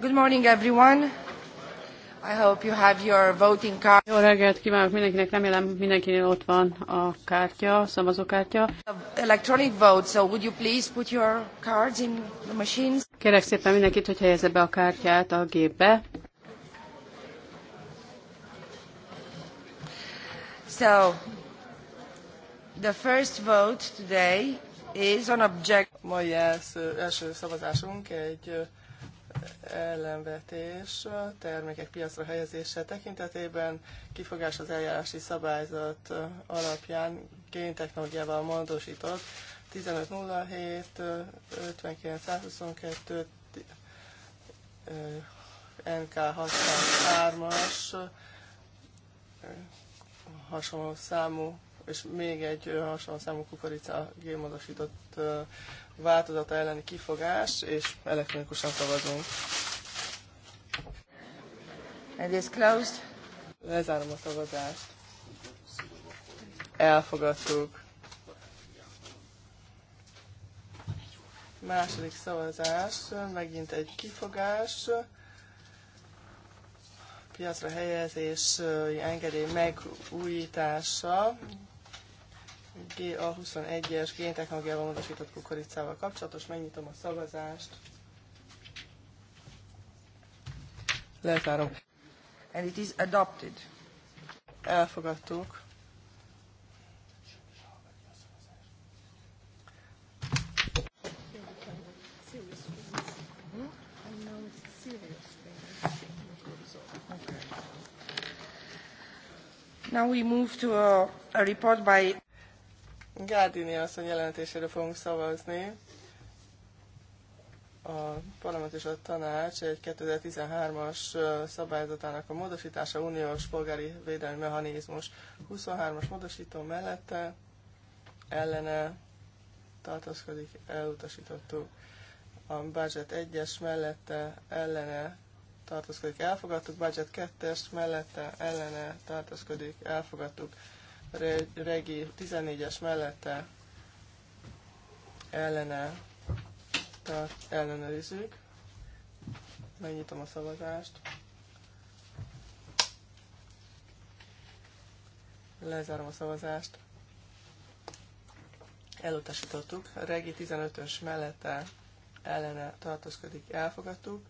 Good morning everyone. I hope you have your voting card. Jó reggelt kívánok mindenkinek, remélem mindenkinél ott van a kártya, a szavazókártya. Electronic vote, so would you please put your cards in the machines? Kérek szépen mindenkit, hogy helyezze be a kártyát a gépbe. So, the first vote today is on object... Mai első, első szavazásunk egy ellenvetés a termékek piacra helyezése tekintetében kifogás az eljárási szabályzat alapján géntechnológiával módosított 1507, 59122, NK 63 as hasonló számú, és még egy eh, hasonló számú kukorica gémodosított eh, változata elleni kifogás, és elektronikusan szavazunk. It is closed. Lezárom a szavazást. Elfogadtuk. Második szavazás, megint egy kifogás piacra helyezés engedély megújítása ki a 21-es géntechnológiával módosított kukoricával kapcsolatos. Megnyitom a szavazást. Lezárom. And it is adopted. Elfogadtuk. Now we move to a, a report by Gárdini asszony jelentéséről fogunk szavazni. A parlament és a tanács egy 2013-as szabályzatának a módosítása, uniós polgári védelmi mechanizmus 23-as módosító mellette ellene tartozkodik, elutasítottuk. A budget 1-es mellette ellene tartozkodik, elfogadtuk, budget 2-es mellette ellene tartozkodik, elfogadtuk regi 14-es mellette ellene tehát ellenőrizzük. Megnyitom a szavazást. Lezárom a szavazást. Elutasítottuk. Regi 15-ös mellette ellene tartózkodik, elfogadtuk.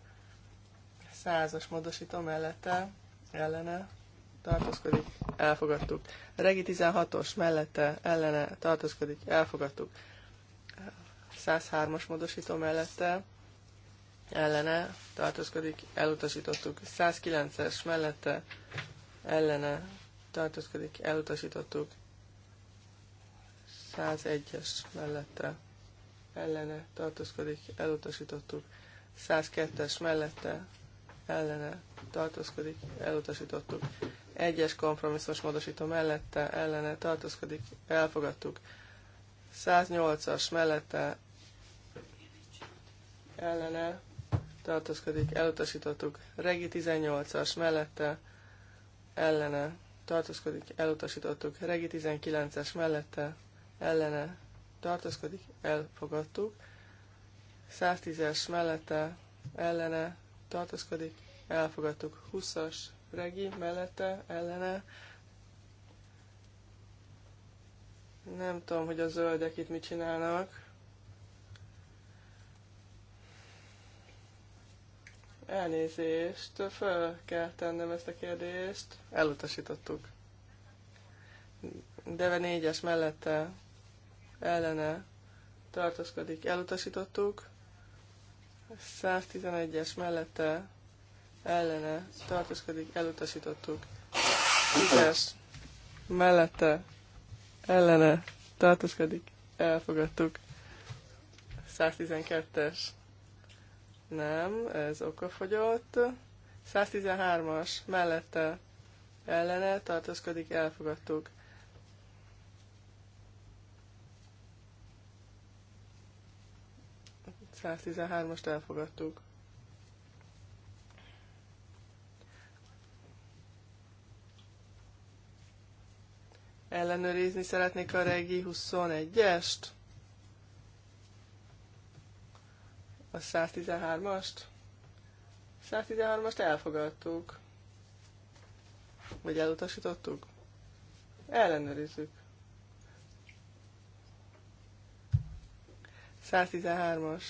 100-as módosító mellette ellene tartózkodik, elfogadtuk. Regi 16-os mellette ellene tartózkodik, elfogadtuk. 103-as módosító mellette ellene tartózkodik, elutasítottuk. 109-es mellette ellene tartózkodik, elutasítottuk. 101-es mellette ellene tartózkodik, elutasítottuk. 102-es mellette ellene tartózkodik, elutasítottuk. Egyes kompromisszos módosító mellette ellene tartózkodik, elfogadtuk. 108-as mellette ellene tartózkodik, elutasítottuk. Regi 18-as mellette ellene tartózkodik, elutasítottuk. Regi 19-es mellette ellene tartózkodik, elfogadtuk. 110-es mellette ellene tartózkodik, elfogadtuk. 20-as regi mellette, ellene. Nem tudom, hogy a zöldek itt mit csinálnak. Elnézést, föl kell tennem ezt a kérdést. Elutasítottuk. Deve 4-es mellette, ellene tartózkodik, elutasítottuk. 111-es mellette ellene tartózkodik, elutasítottuk. 10-es mellette ellene tartózkodik, elfogadtuk. 112-es nem, ez okafogyott. 113-as mellette ellene tartózkodik, elfogadtuk. 113-ast elfogadtuk. Ellenőrizni szeretnék a regi 21-est. A 113-ast. 113-ast elfogadtuk. Vagy elutasítottuk? Ellenőrizzük. 113-as.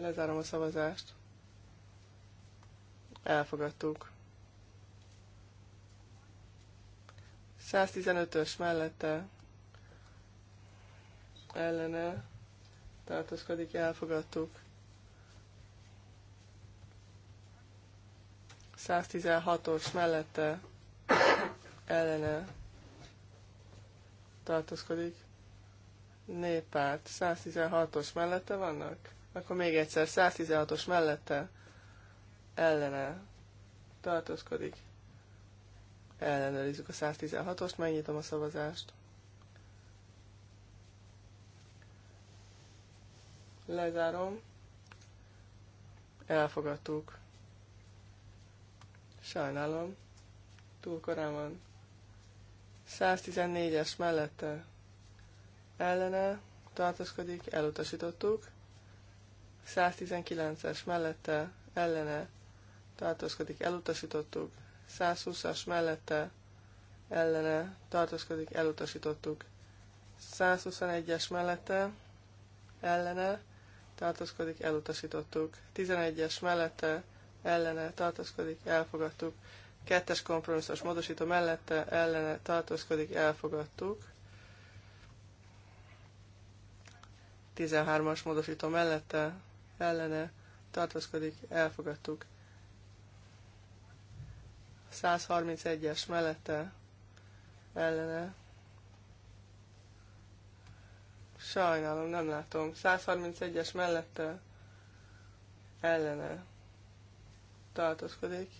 Lezárom a szavazást. Elfogadtuk. 115-ös mellette ellene tartózkodik, elfogadtuk. 116-os mellette ellene tartózkodik. Néppárt 116-os mellette vannak? Akkor még egyszer 116-os mellette ellene tartózkodik. Ellenőrizzük a 116-ost, megnyitom a szavazást. Lezárom. Elfogadtuk. Sajnálom. Túl korán van. 114-es mellette ellene tartózkodik, elutasítottuk. 119-es mellette ellene tartózkodik, elutasítottuk. 120-as mellette ellene tartózkodik, elutasítottuk. 121-es mellette ellene tartózkodik, elutasítottuk. 11-es mellette ellene tartózkodik, elfogadtuk. 2-es kompromisszos módosító mellette ellene tartózkodik, elfogadtuk. 13-as módosító mellette ellene tartózkodik, elfogadtuk. 131-es mellette ellene. Sajnálom, nem látom. 131-es mellette ellene tartózkodik.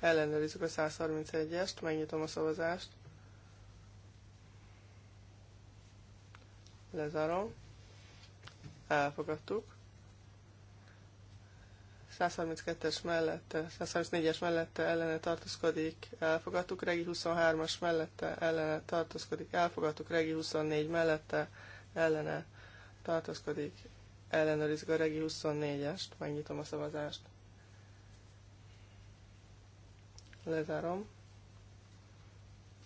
Ellenőrizzük a 131-est, megnyitom a szavazást. Lezárom. Elfogadtuk. 132-es mellette, 134-es mellette ellene tartózkodik, elfogadtuk, Regi 23-as mellette ellene tartózkodik, elfogadtuk, Regi 24 mellette ellene tartózkodik, ellenőrizzük a Regi 24-est, megnyitom a szavazást. Lezárom.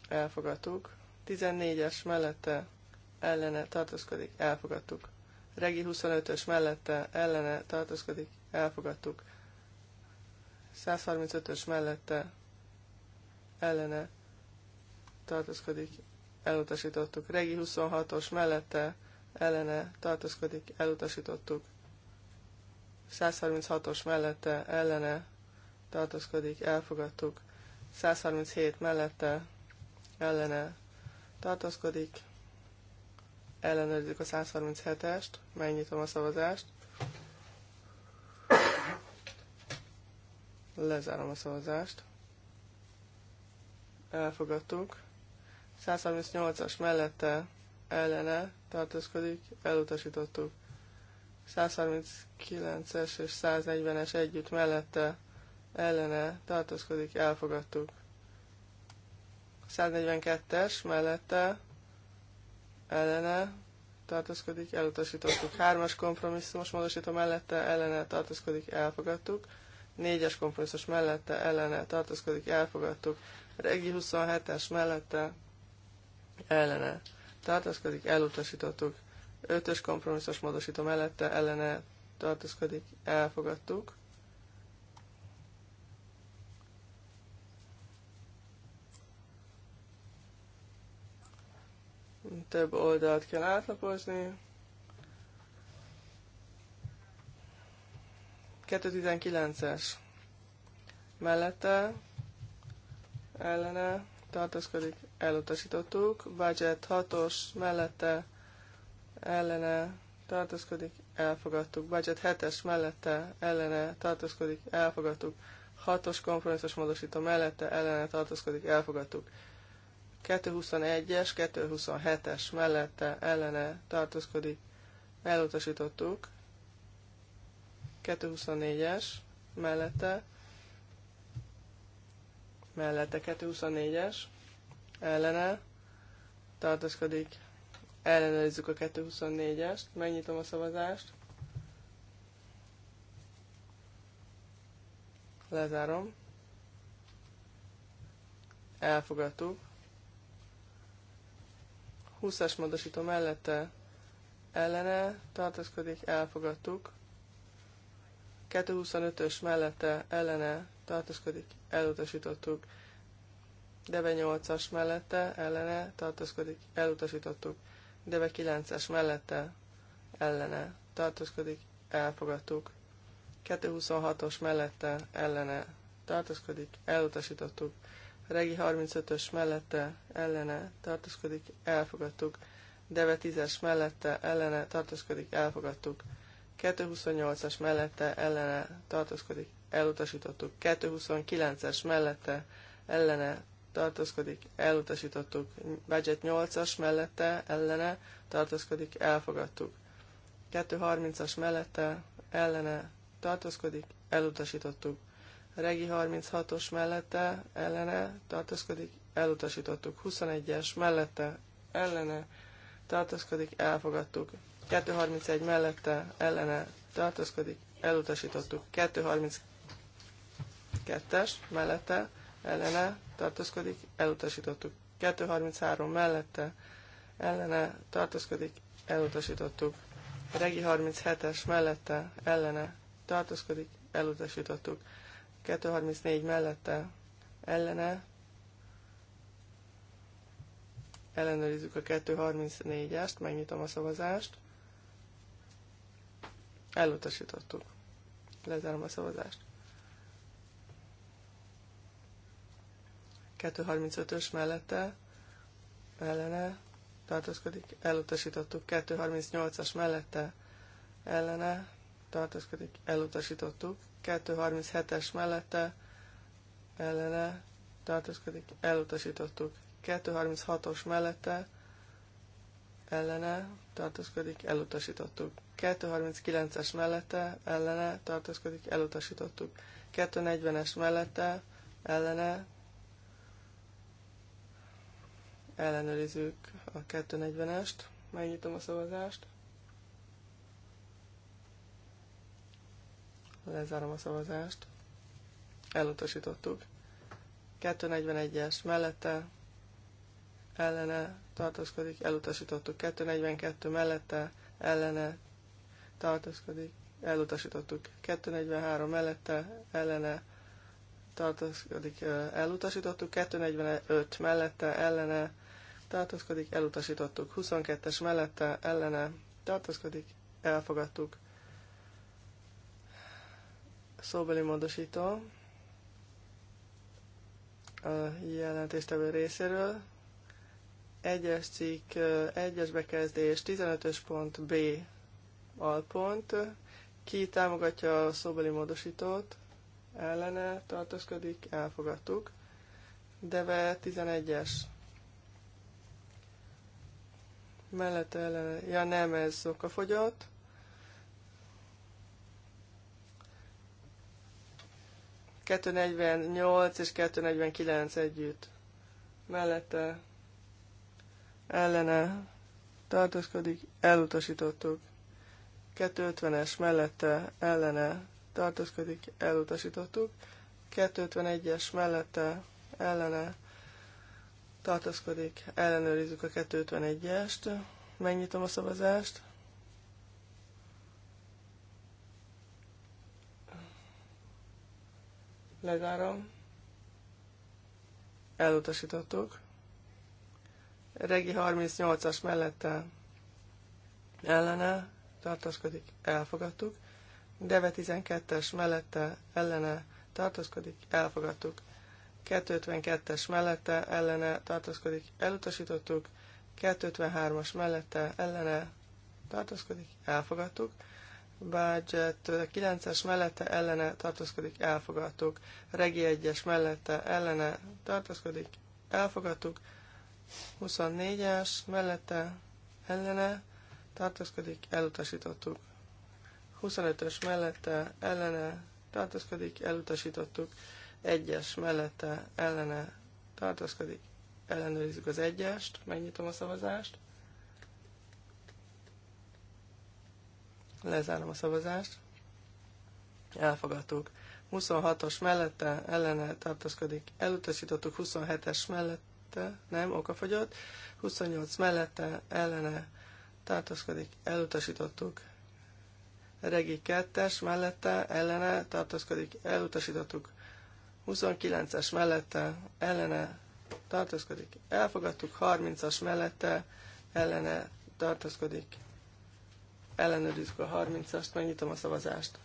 Elfogadtuk. 14-es mellette ellene tartózkodik, elfogadtuk. Regi 25-ös mellette ellene tartózkodik, elfogadtuk. 135-ös mellette ellene tartozkodik elutasítottuk. Regi 26-os mellette ellene tartozkodik elutasítottuk. 136-os mellette ellene tartozkodik elfogadtuk. 137 mellette ellene tartozkodik ellenőrizzük a 137-est, megnyitom a szavazást. Lezárom a szavazást. Elfogadtuk. 138-as mellette ellene tartózkodik, elutasítottuk. 139-es és 140-es együtt mellette ellene tartózkodik, elfogadtuk. 142-es mellette ellene tartózkodik, elutasítottuk. 3-as kompromisszumos módosító mellette ellene tartózkodik, elfogadtuk négyes kompromisszus mellette ellene tartózkodik, elfogadtuk. Regi 27-es mellette ellene tartózkodik, elutasítottuk. ötös kompromisszus módosító mellette ellene tartózkodik, elfogadtuk. Több oldalt kell átlapozni. 219-es mellette ellene tartózkodik, elutasítottuk. Budget 6-os mellette ellene tartózkodik, elfogadtuk. Budget 7-es mellette ellene tartózkodik, elfogadtuk. 6-os kompromisszus módosító mellette ellene tartózkodik, elfogadtuk. 221-es, 227-es mellette ellene tartózkodik, elutasítottuk. 224-es mellette, mellette 224-es, ellene, tartozkodik. ellenőrizzük a 224-est, megnyitom a szavazást, lezárom, elfogadtuk, 20-as módosító mellette ellene tartozkodik, elfogadtuk, 225-ös mellette ellene tartózkodik, elutasítottuk. Deve 8-as mellette ellene tartózkodik, elutasítottuk. Deve 9-es mellette ellene tartózkodik, elfogadtuk. 226-os mellette ellene tartózkodik, elutasítottuk. Regi 35-ös mellette ellene tartózkodik, elfogadtuk. Deve 10-es mellette ellene tartózkodik, elfogadtuk. 228-as mellette ellene tartózkodik, elutasítottuk. 229-es mellette ellene tartózkodik, elutasítottuk. Budget 8-as mellette ellene tartózkodik, elfogadtuk. 230-as mellette ellene tartózkodik, elutasítottuk. Regi 36-os mellette ellene tartózkodik, elutasítottuk. 21-es mellette ellene tartózkodik, elfogadtuk. 231 mellette ellene tartózkodik, elutasítottuk. 232-es mellette ellene tartózkodik, elutasítottuk. 233 mellette ellene tartózkodik, elutasítottuk. Regi 37-es mellette ellene tartózkodik, elutasítottuk. 234 mellette ellene ellenőrizzük a 234-est, megnyitom a szavazást. Elutasítottuk. Lezárom a szavazást. 235-ös mellette ellene tartózkodik, elutasítottuk. 238-as mellette ellene tartózkodik, elutasítottuk. 237-es mellette ellene tartózkodik, elutasítottuk. 236-os mellette ellene tartózkodik, elutasítottuk. 239-es mellette ellene tartózkodik, elutasítottuk. 240-es mellette ellene ellenőrizzük a 240-est. Megnyitom a szavazást. Lezárom a szavazást. Elutasítottuk. 241-es mellette ellene tartózkodik, elutasítottuk 242 mellette, ellene tartózkodik, elutasítottuk 243 mellette, ellene tartózkodik, elutasítottuk 245 mellette, ellene tartózkodik, elutasítottuk 22-es mellette, ellene tartózkodik, elfogadtuk szóbeli módosító a jelentéstevő részéről egyes cikk, egyes bekezdés, 15-ös pont B alpont. Ki támogatja a szóbeli módosítót? Ellene tartózkodik, elfogadtuk. Deve 11-es. Mellette ellene. Ja nem, ez okafogyott. fogyott. 248 és 249 együtt. Mellette ellene tartózkodik, elutasítottuk. 250-es mellette ellene tartózkodik, elutasítottuk. 251-es mellette ellene tartózkodik, ellenőrizzük a 251-est. Megnyitom a szavazást. Lezárom. Elutasítottuk. Regi 38-as mellette ellene tartózkodik, elfogadtuk. Deve 12-es mellette ellene tartózkodik, elfogadtuk. 252-es mellette ellene tartózkodik, elutasítottuk. 253-as mellette ellene tartózkodik, elfogadtuk. Budget 9-es mellette ellene tartózkodik, elfogadtuk. Regi 1-es mellette ellene tartózkodik, elfogadtuk. 24-es, mellette ellene tartózkodik, elutasítottuk. 25-ös mellette ellene tartózkodik, elutasítottuk. 1-es mellette ellene tartózkodik, ellenőrizzük az 1-est, megnyitom a szavazást. Lezárom a szavazást. Elfogadtuk. 26-os mellette ellene tartózkodik, elutasítottuk. 27-es mellette mellette, nem, okafogyott, 28 mellette, ellene, tartózkodik, elutasítottuk. Regi 2-es mellette, ellene, tartózkodik, elutasítottuk. 29-es mellette, ellene, tartózkodik, elfogadtuk. 30-as mellette, ellene, tartózkodik, ellenőrizzük a 30-ast, megnyitom a szavazást.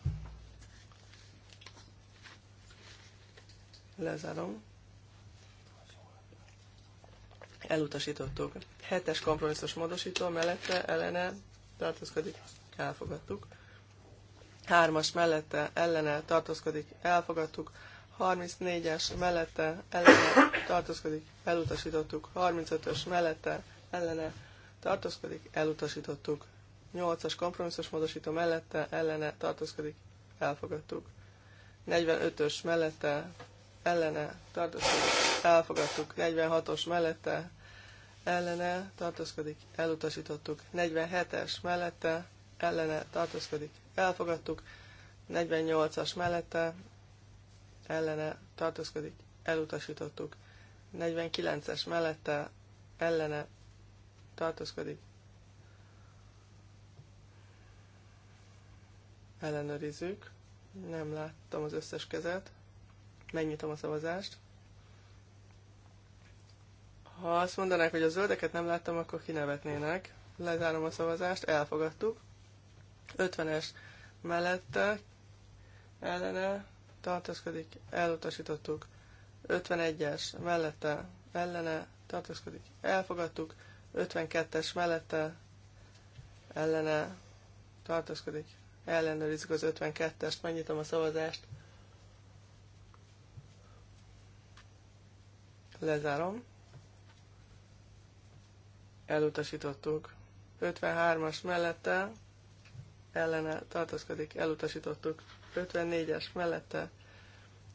Lezárom elutasítottuk. Hetes kompromisszus módosító mellette ellene tartózkodik, elfogadtuk. Hármas mellette ellene tartózkodik, elfogadtuk. 34-es mellette ellene tartózkodik, elutasítottuk. 35-ös mellette ellene tartózkodik, elutasítottuk. 8-as kompromisszus módosító mellette ellene tartózkodik, elfogadtuk. 45-ös mellette ellene tartózkodik, elfogadtuk. 46-os mellette ellene tartózkodik, elutasítottuk. 47-es mellette, ellene tartózkodik, elfogadtuk. 48-as mellette, ellene tartózkodik, elutasítottuk. 49-es mellette, ellene tartózkodik, ellenőrizzük. Nem láttam az összes kezet. Megnyitom a szavazást. Ha azt mondanák, hogy a zöldeket nem láttam, akkor kinevetnének. Lezárom a szavazást, elfogadtuk. 50-es mellette ellene tartózkodik, elutasítottuk. 51-es mellette ellene tartózkodik, elfogadtuk. 52-es mellette ellene tartózkodik, ellenőrizzük az 52-est, megnyitom a szavazást. Lezárom elutasítottuk. 53-as mellette ellene tartozkodik elutasítottuk. 54-es mellette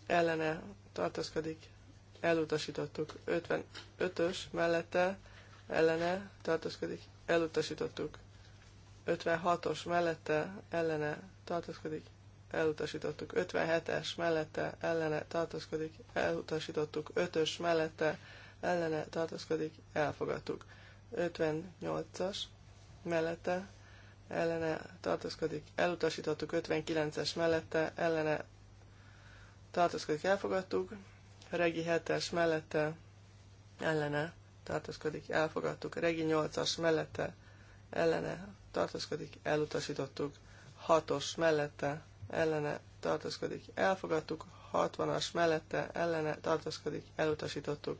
ellene tartozkodik elutasítottuk. 55-ös mellette ellene tartozkodik elutasítottuk. 56-os mellette ellene tartozkodik elutasítottuk. 57-es mellette ellene tartozkodik elutasítottuk. 5-ös mellette ellene tartozkodik elfogadtuk. 58-as mellette ellene tartózkodik, elutasítottuk 59-es mellette ellene tartózkodik, elfogadtuk, regi 7-es mellette ellene tartózkodik, elfogadtuk, regi 8-as mellette ellene tartózkodik, elutasítottuk, 6-os mellette ellene tartózkodik, elfogadtuk, 60-as mellette ellene tartózkodik, elutasítottuk,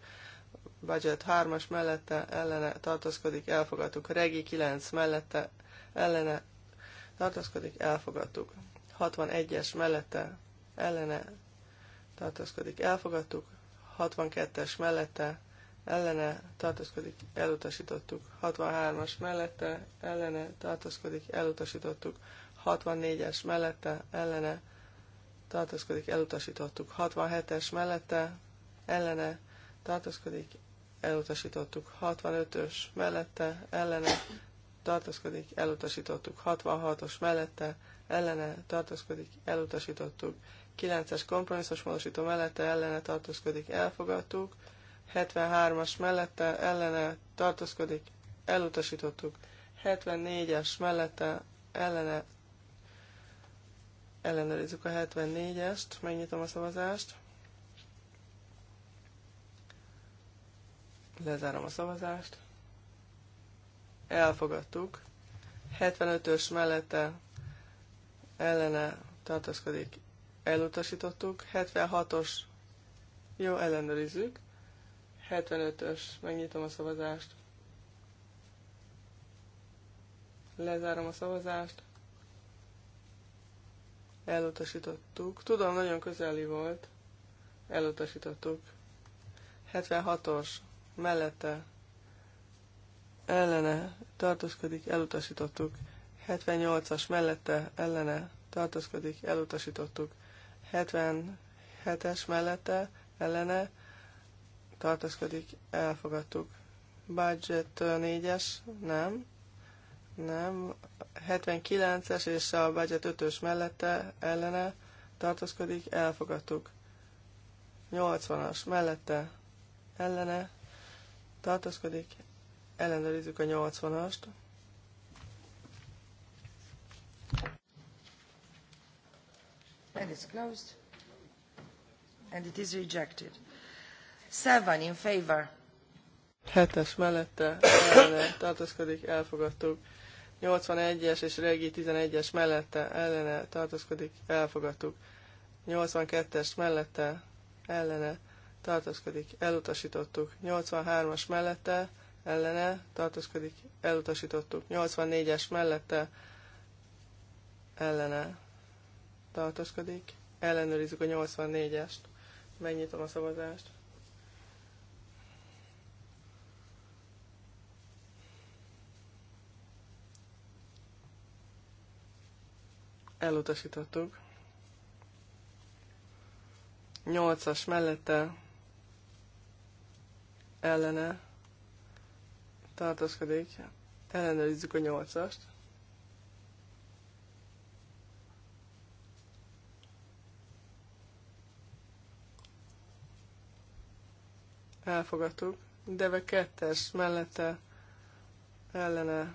budget 3-as mellette ellene tartózkodik, elfogadtuk. Regi 9 mellette ellene tartózkodik, elfogadtuk. 61-es mellette ellene tartózkodik, elfogadtuk. 62-es mellette ellene tartózkodik, elutasítottuk. 63-as mellette ellene tartózkodik, elutasítottuk. 64-es mellette ellene tartózkodik, elutasítottuk. 67-es mellette ellene tartózkodik, elutasítottuk 65-ös mellette, ellene tartózkodik, elutasítottuk 66-os mellette, ellene tartózkodik, elutasítottuk 9-es kompromisszos módosító mellette, ellene tartózkodik, elfogadtuk 73-as mellette, ellene tartózkodik, elutasítottuk 74-es mellette, ellene ellenőrizzük a 74-est, megnyitom a szavazást. Lezárom a szavazást. Elfogadtuk. 75-ös mellette ellene tartozkodik. Elutasítottuk. 76-os. Jó, ellenőrizzük. 75-ös. Megnyitom a szavazást. Lezárom a szavazást. Elutasítottuk. Tudom, nagyon közeli volt. Elutasítottuk. 76-os mellette ellene tartózkodik, elutasítottuk. 78-as mellette ellene tartózkodik, elutasítottuk. 77-es mellette ellene tartózkodik, elfogadtuk. Budget 4-es, nem, nem. 79-es és a budget 5-ös mellette ellene tartózkodik, elfogadtuk. 80-as mellette ellene tartozkodik. ellenőrizzük a 80-ast. And it's closed. And it is rejected. Seven in favor. Hetes mellette ellene tartozkodik, elfogadtuk. 81-es és regi 11-es mellette ellene tartozkodik, elfogadtuk. 82-es mellette ellene tartózkodik, elutasítottuk. 83-as mellette, ellene, tartózkodik, elutasítottuk. 84-es mellette, ellene, tartózkodik. Ellenőrizzük a 84-est. Megnyitom a szavazást. Elutasítottuk. 8-as mellette ellene tartózkodik. Ellenőrizzük a nyolcast. Elfogadtuk. Deve kettes mellette ellene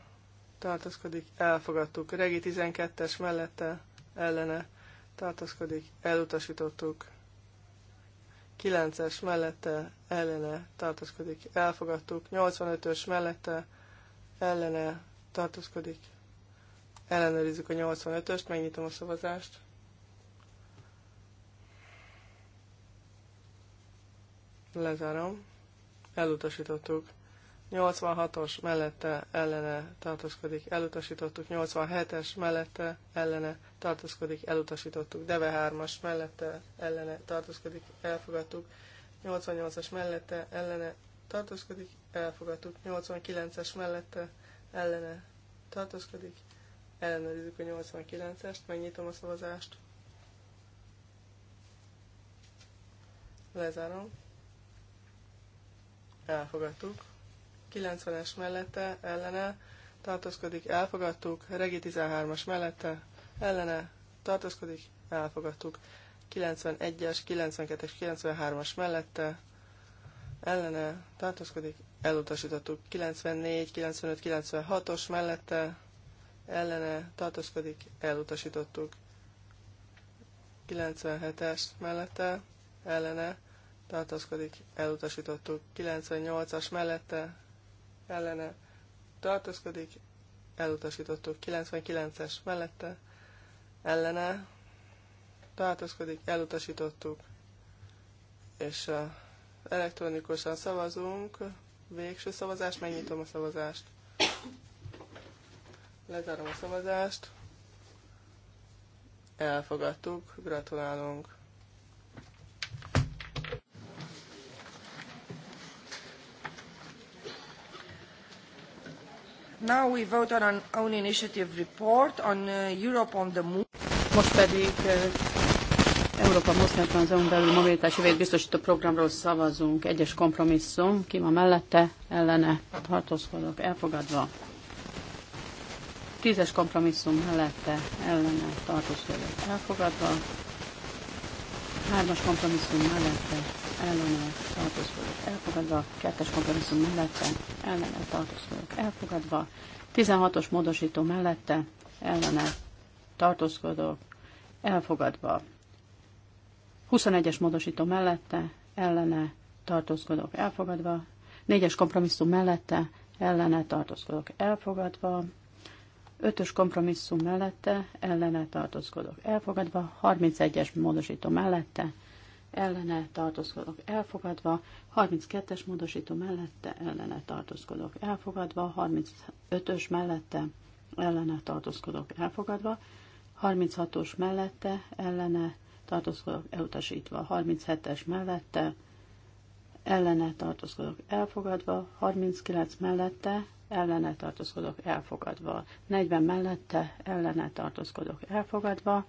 tartózkodik. Elfogadtuk. Regi 12-es mellette ellene tartózkodik. Elutasítottuk. 9-es mellette ellene tartózkodik, elfogadtuk. 85-ös mellette ellene tartózkodik, ellenőrizzük a 85-öst, megnyitom a szavazást. Lezárom. Elutasítottuk. 86-os mellette ellene tartózkodik, elutasítottuk. 87-es mellette ellene tartózkodik, elutasítottuk. Deve 3-as mellette ellene tartózkodik, elfogadtuk. 88-as mellette ellene tartózkodik, elfogadtuk. 89-es mellette ellene tartózkodik, ellenőrizzük a 89-est, megnyitom a szavazást. Lezárom. Elfogadtuk. 90-es mellette, ellene, tartózkodik, elfogadtuk. Regi 13-as mellette, ellene, tartózkodik, elfogadtuk. 91-es, 92-es, 93-as mellette, ellene, tartózkodik, elutasítottuk. 94, 95, 96-os mellette, ellene, tartózkodik, elutasítottuk. 97-es mellette, ellene, tartózkodik, elutasítottuk. 98-as mellette, ellene tartózkodik, elutasítottuk 99-es mellette, ellene tartózkodik, elutasítottuk, és elektronikusan szavazunk, végső szavazás, megnyitom a szavazást. Lezárom a szavazást. Elfogadtuk, gratulálunk. Now we vote on an own initiative report on uh, Europe on the Move. Most pedig uh, Európa Mozgásban az EU-n belül mobilitási vét biztosító programról szavazunk. Egyes kompromisszum. Ki van mellette? Ellene. Tartózkodok. Elfogadva. Tízes kompromisszum mellette. Ellene. Tartózkodok. Elfogadva. Hármas kompromisszum mellette ellene vagyok elfogadva, kettes kompromisszum mellette ellene vagyok elfogadva, 16-os módosító mellette ellene tartózkodok, elfogadva, 21-es módosító mellette ellene tartózkodok, elfogadva, 4-es kompromisszum mellette ellene tartózkodok, elfogadva, Ötös kompromisszum mellette ellene tartózkodok elfogadva, 31-es módosító mellette ellene tartózkodok elfogadva, 32-es módosító mellette ellene tartózkodok elfogadva, 35-ös mellette ellene tartózkodok elfogadva, 36-os mellette ellene tartózkodok elutasítva, 37-es mellette ellene tartózkodok elfogadva, 39 mellette ellene tartózkodok elfogadva, 40 mellette ellene tartózkodok elfogadva,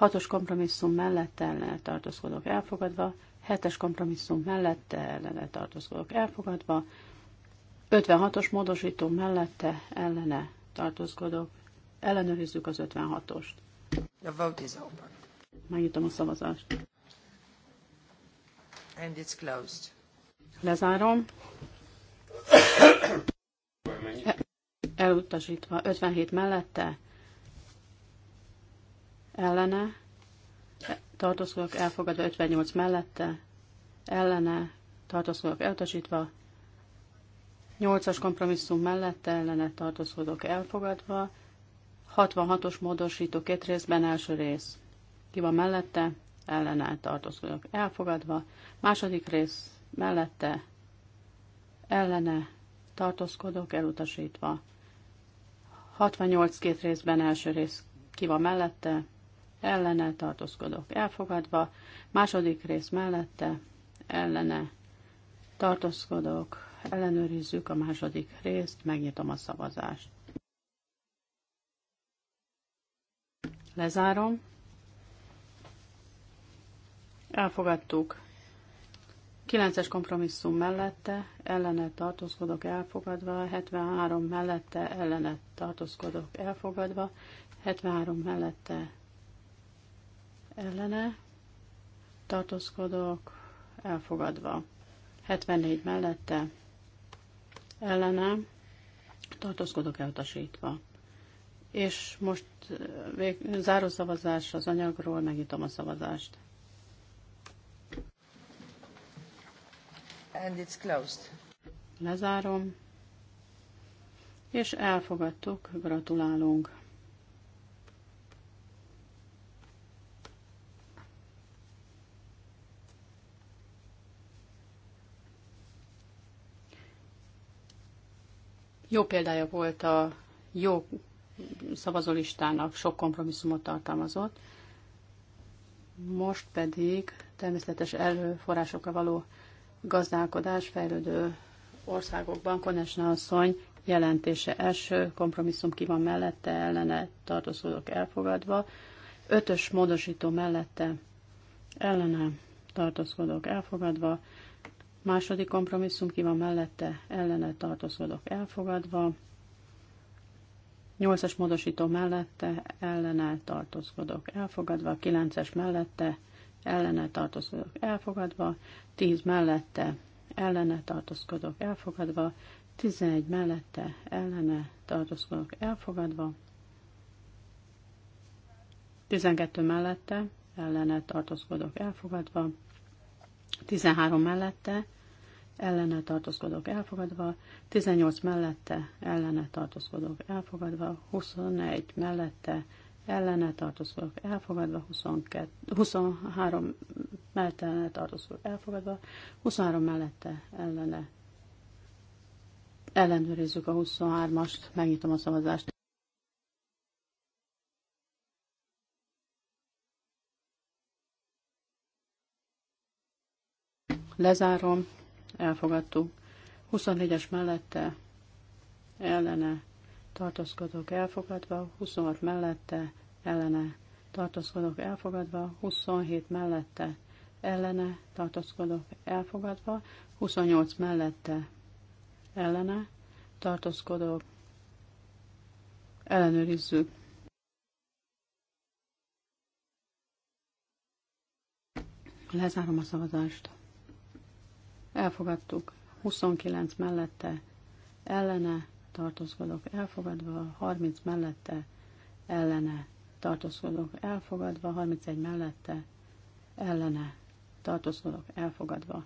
6-os kompromisszum mellette ellene tartózkodok elfogadva, 7-es kompromisszum mellette ellene tartózkodok elfogadva, 56-os módosító mellette ellene tartózkodok, ellenőrizzük az 56-ost. The vote is open. Megnyitom a szavazást. And it's closed. Lezárom elutasítva, 57 mellette, ellene, tartózkodok elfogadva, 58 mellette, ellene, tartózkodok elutasítva, 8-as kompromisszum mellette, ellene, tartózkodok elfogadva, 66-os módosító két részben, első rész, ki van mellette, ellene, tartózkodok elfogadva, második rész, mellette, ellene, tartózkodok elutasítva. 68 két részben első rész ki van mellette, ellene tartózkodok elfogadva, második rész mellette, ellene tartózkodok, ellenőrizzük a második részt, megnyitom a szavazást. Lezárom. Elfogadtuk 9-es kompromisszum mellette ellene tartózkodok elfogadva, 73 mellette ellene tartózkodok elfogadva, 73 mellette ellene tartózkodok elfogadva, 74 mellette ellene tartózkodok elutasítva. És most eh, vég, záró szavazás az anyagról, megnyitom a szavazást. and it's closed. Lezárom. És elfogadtuk, gratulálunk. Jó példája volt a jó szavazólistának, sok kompromisszumot tartalmazott. Most pedig természetes előforrásokra való gazdálkodás fejlődő országokban. Konesna asszony jelentése első, kompromisszum ki van mellette, ellene tartózkodók elfogadva. Ötös módosító mellette, ellene tartózkodók elfogadva. Második kompromisszum ki van mellette, ellene tartózkodók elfogadva. Nyolcas módosító mellette, ellene tartózkodók elfogadva. Kilences mellette, ellene tartozkodok elfogadva, 10 mellette ellene tartozkodok elfogadva, 11 mellette ellene tartozkodok elfogadva, 12 mellette ellene tartozkodok elfogadva, 13 mellette ellene tartozkodok elfogadva, 18 mellette ellene tartozkodok elfogadva, 21 mellette ellene tartózkodok elfogadva, 22, 23 mellette ellene elfogadva, 23 mellette ellene ellenőrizzük a 23-ast, megnyitom a szavazást. Lezárom, elfogadtuk. 24-es mellette ellene Tartozkodok elfogadva, 26 mellette ellene Tartozkodok elfogadva, 27 mellette ellene Tartozkodok elfogadva, 28 mellette ellene Tartozkodok ellenőrizzük. Lezárom a szavazást. Elfogadtuk. 29 mellette ellene tartózkodok elfogadva, 30 mellette ellene tartózkodok elfogadva, 31 mellette ellene tartózkodok elfogadva,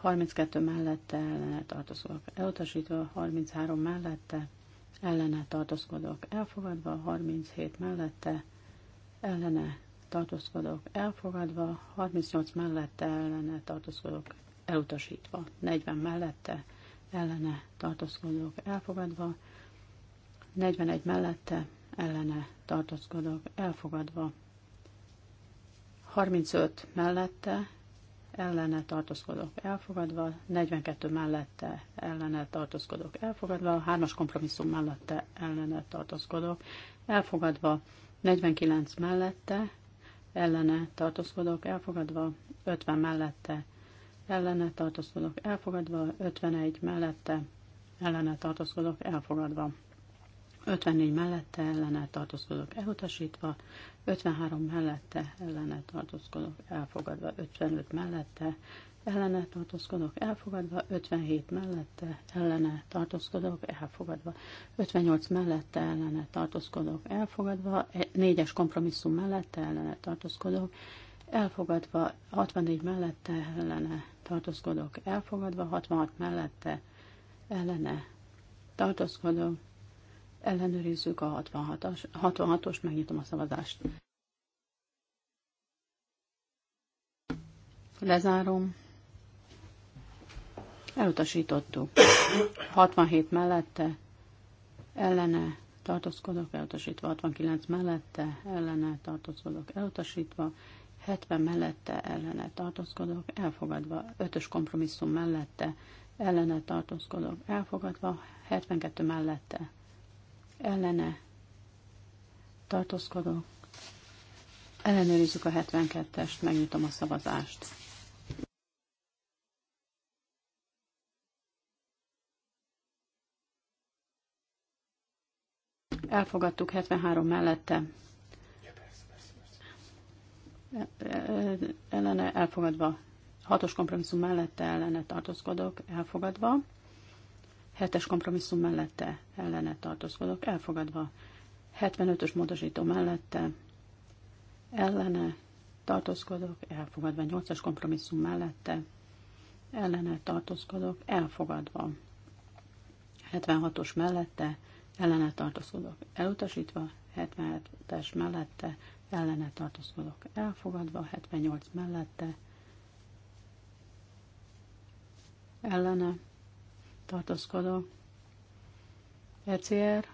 32 mellette ellene tartózkodok elutasítva, 33 mellette ellene tartózkodok elfogadva, 37 mellette ellene tartózkodok elfogadva, 38 mellette ellene tartózkodok elutasítva, 40 mellette ellene tartózkodók elfogadva, 41 mellette ellene tartózkodók elfogadva, 35 mellette ellene tartózkodók elfogadva, 42 mellette ellene tartózkodók elfogadva, 3-as kompromisszum mellette ellene tartózkodók elfogadva, 49 mellette ellene tartózkodók elfogadva, 50 mellette ellene tartózkodok elfogadva, 51 mellette ellene tartózkodok elfogadva, 54 mellette ellene tartózkodok elutasítva, 53 mellette ellene tartózkodok elfogadva, 55 mellette ellene tartózkodok elfogadva, 57 mellette ellene tartózkodok elfogadva, 58 mellette ellene tartózkodok elfogadva, 4-es kompromisszum mellette ellene tartózkodok elfogadva, 64 mellette ellene tartózkodok, elfogadva, 66 mellette ellene tartózkodok, ellenőrizzük a 66-os, 66-os, megnyitom a szavazást. Lezárom. Elutasítottuk. 67 mellette, ellene tartózkodok, elutasítva. 69 mellette, ellene tartózkodok, elutasítva. 70 mellette ellene tartózkodok, elfogadva, 5-ös kompromisszum mellette ellene tartózkodok, elfogadva, 72 mellette ellene tartózkodok, ellenőrizzük a 72-est, megnyitom a szavazást. Elfogadtuk 73 mellette, ellene elfogadva. Hatos kompromisszum mellette ellene tartózkodok, elfogadva. Hetes kompromisszum mellette ellene tartózkodok, elfogadva. 75-ös módosító mellette ellene tartózkodok, elfogadva. 8-as kompromisszum mellette ellene tartózkodok, elfogadva. 76-os mellette ellene tartózkodok, elutasítva. 77-es mellette ellene tartózkodok elfogadva, 78 mellette ellene tartózkodok. ECR,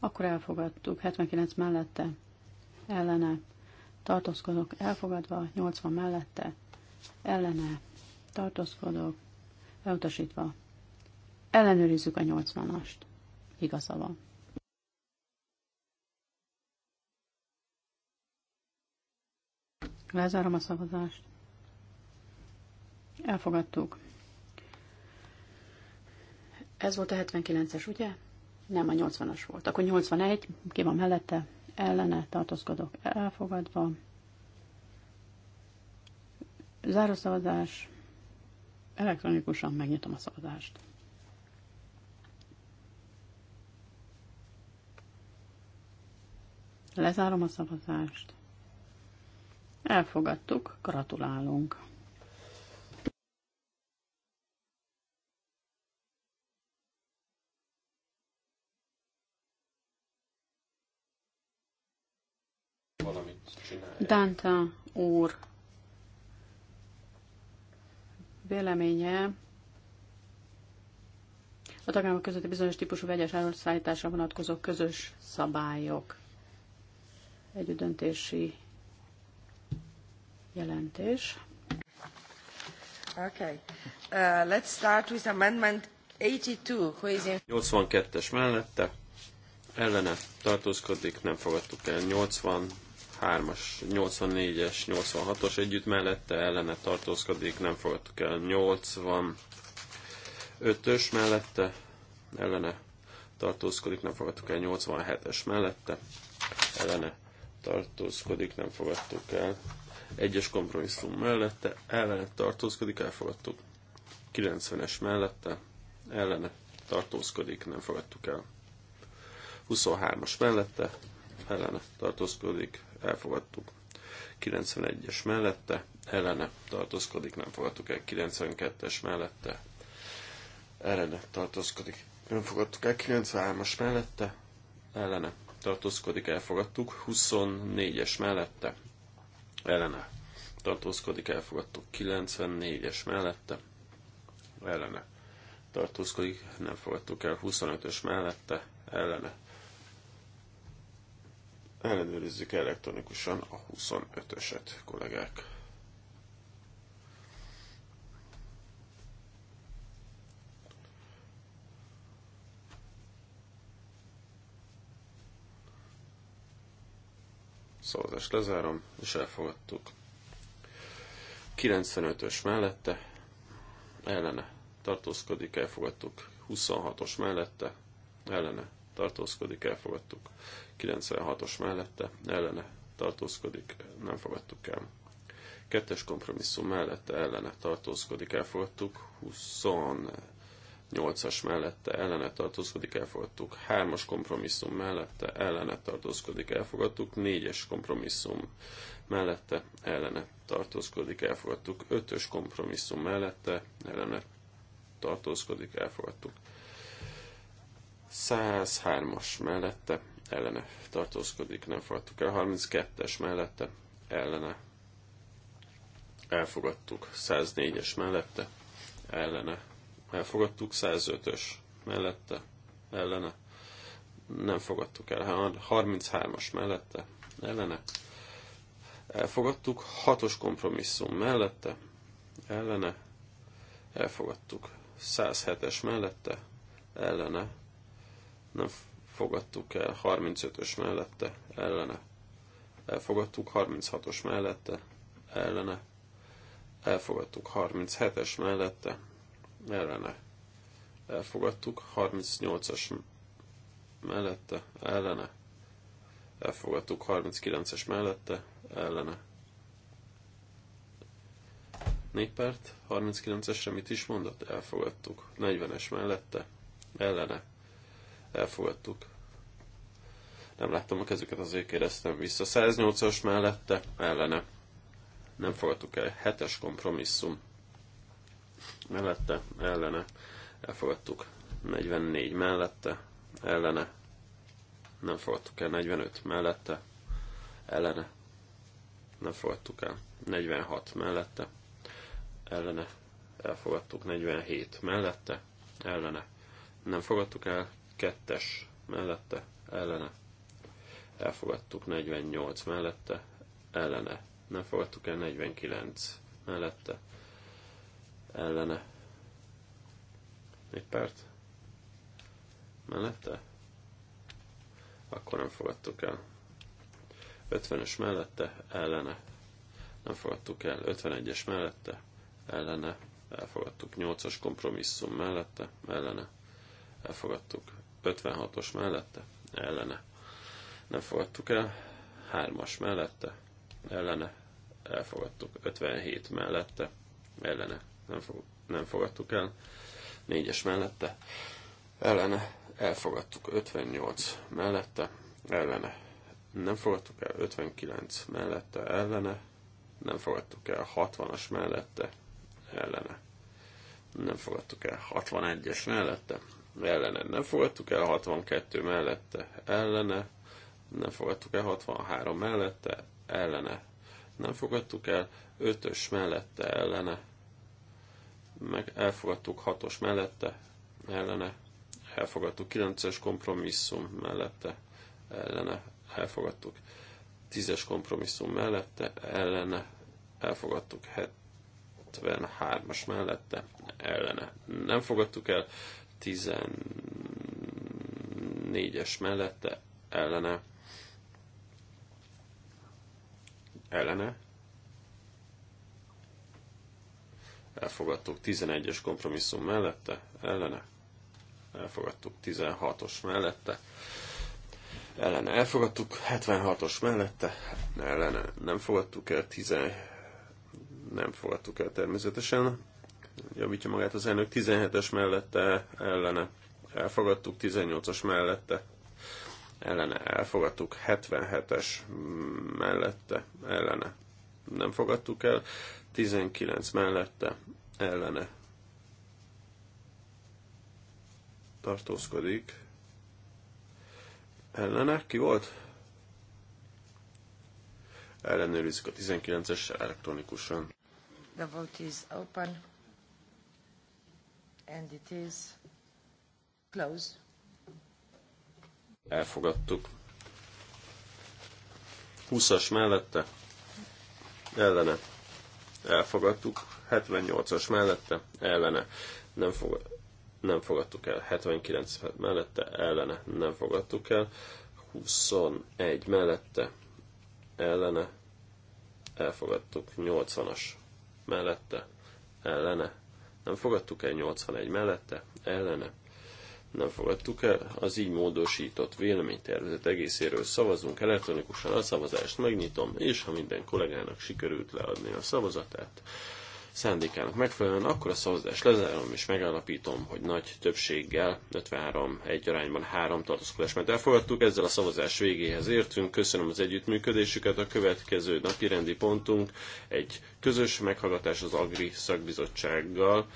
akkor elfogadtuk, 79 mellette ellene tartózkodok elfogadva, 80 mellette ellene tartózkodok elutasítva. Ellenőrizzük a 80-ast. Igaza van. Lezárom a szavazást. Elfogadtuk. Ez volt a 79-es, ugye? Nem, a 80-as volt. Akkor 81, ki van mellette? Ellene tartózkodok. Elfogadva. Záró szavazás. Elektronikusan megnyitom a szavazást. Lezárom a szavazást. Elfogadtuk, gratulálunk. Danta úr véleménye a tagállamok közötti bizonyos típusú vegyes árusszállításra vonatkozó közös szabályok együttdöntési jelentés. Okay. Uh, let's start with amendment 82. 82-es mellette ellene tartózkodik, nem fogadtuk el. 83-as, 84-es, 86-os együtt mellette ellene tartózkodik, nem fogadtuk el. 85-ös mellette ellene tartózkodik, nem fogadtuk el. 87-es mellette ellene tartózkodik, nem fogadtuk el. Egyes kompromisszum mellette ellene tartózkodik, elfogadtuk. 90-es mellette ellene tartózkodik, nem fogadtuk el. 23-as mellette ellene tartózkodik, elfogadtuk. 91-es mellette ellene tartózkodik, nem fogadtuk el. 92-es mellette ellene tartózkodik, nem fogadtuk el. 93-as mellette ellene tartózkodik, elfogadtuk. 24-es mellette ellene tartózkodik, elfogadtuk 94-es mellette, ellene tartózkodik, nem fogadtuk el 25-ös mellette, ellene. Ellenőrizzük elektronikusan a 25-öset, kollégák. szavazást lezárom, és elfogadtuk. 95-ös mellette, ellene tartózkodik, elfogadtuk. 26-os mellette, ellene tartózkodik, elfogadtuk. 96-os mellette, ellene tartózkodik, nem fogadtuk el. Kettes kompromisszum mellette, ellene tartózkodik, elfogadtuk. 20 8-as mellette ellene tartózkodik, elfogadtuk. 3-as kompromisszum mellette ellene tartózkodik, elfogadtuk. 4-es kompromisszum mellette ellene tartózkodik, elfogadtuk. 5-ös kompromisszum mellette ellene tartózkodik, elfogadtuk. 103-as mellette ellene tartózkodik, nem fogadtuk el. 32-es mellette ellene elfogadtuk. 104-es mellette ellene elfogadtuk, 105-ös mellette, ellene, nem fogadtuk el, 33-as mellette, ellene, elfogadtuk, 6-os kompromisszum mellette, ellene, elfogadtuk, 107-es mellette, ellene, nem fogadtuk el, 35-ös mellette, ellene, elfogadtuk, 36-os mellette, ellene, elfogadtuk 37-es mellette, ellene elfogadtuk, 38-as mellette ellene elfogadtuk, 39-es mellette ellene. Néppárt 39-esre mit is mondott? Elfogadtuk. 40-es mellette ellene elfogadtuk. Nem láttam a kezüket, azért kérdeztem vissza. 108-as mellette ellene. Nem fogadtuk el. 7-es kompromisszum mellette, ellene, elfogadtuk. 44 mellette, ellene, nem fogadtuk el. 45 mellette, ellene, nem fogadtuk el. 46 mellette, ellene, elfogadtuk. 47 mellette, ellene, nem fogadtuk el. Kettes mellette, ellene, elfogadtuk. 48 mellette, ellene, nem fogadtuk el. 49 mellette, ellene. perc. mellette? Akkor nem fogadtuk el. 50-ös mellette, ellene. Nem fogadtuk el. 51-es mellette, ellene. Elfogadtuk. 8-as kompromisszum mellette, ellene. Elfogadtuk. 56-os mellette, ellene. Nem fogadtuk el. 3-as mellette, ellene. Elfogadtuk. 57 mellette, ellene nem, fog, nem fogadtuk el. Négyes mellette, ellene elfogadtuk 58 mellette, ellene nem fogadtuk el 59 mellette, ellene nem fogadtuk el 60-as mellette, ellene nem fogadtuk el 61-es mellette, ellene nem fogadtuk el 62 mellette, ellene nem fogadtuk el 63 mellette, ellene nem fogadtuk el 5-ös mellette, ellene meg elfogadtuk 6-os mellette, ellene elfogadtuk 9-es kompromisszum mellette, ellene elfogadtuk 10-es kompromisszum mellette, ellene elfogadtuk 73-as mellette, ellene nem fogadtuk el, 14-es mellette, ellene ellene elfogadtuk 11-es kompromisszum mellette, ellene, elfogadtuk 16-os mellette, ellene elfogadtuk, 76-os mellette, ellene nem fogadtuk el, 10, nem fogadtuk el természetesen, javítja magát az elnök, 17-es mellette, ellene elfogadtuk, 18-as mellette, ellene elfogadtuk, 77-es mellette, ellene nem fogadtuk el, 19 mellette ellene tartózkodik. Ellene ki volt? Ellenőrizzük a 19-es elektronikusan. The vote is open and it is closed. Elfogadtuk. 20-as mellette ellene elfogadtuk, 78-as mellette ellene nem, fog, nem fogadtuk el, 79 mellette ellene nem fogadtuk el, 21 mellette ellene elfogadtuk, 80-as mellette ellene nem fogadtuk el, 81 mellette ellene nem fogadtuk el. Az így módosított véleménytervezet egészéről szavazunk elektronikusan, a szavazást megnyitom, és ha minden kollégának sikerült leadni a szavazatát, szándékának megfelelően, akkor a szavazást lezárom, és megállapítom, hogy nagy többséggel, 53 egy arányban három tartózkodás, mert elfogadtuk, ezzel a szavazás végéhez értünk. Köszönöm az együttműködésüket, a következő napi rendi pontunk egy közös meghallgatás az Agri szakbizottsággal,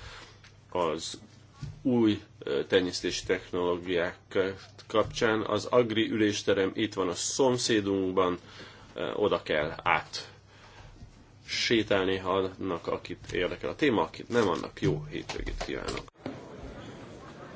az új tenyésztési technológiák kapcsán. Az agri ülésterem itt van a szomszédunkban, oda kell át sétálni, ha annak, akit érdekel a téma, akit nem, annak jó hétvégét kívánok.